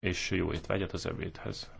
és jó étvágyat az ebédhez.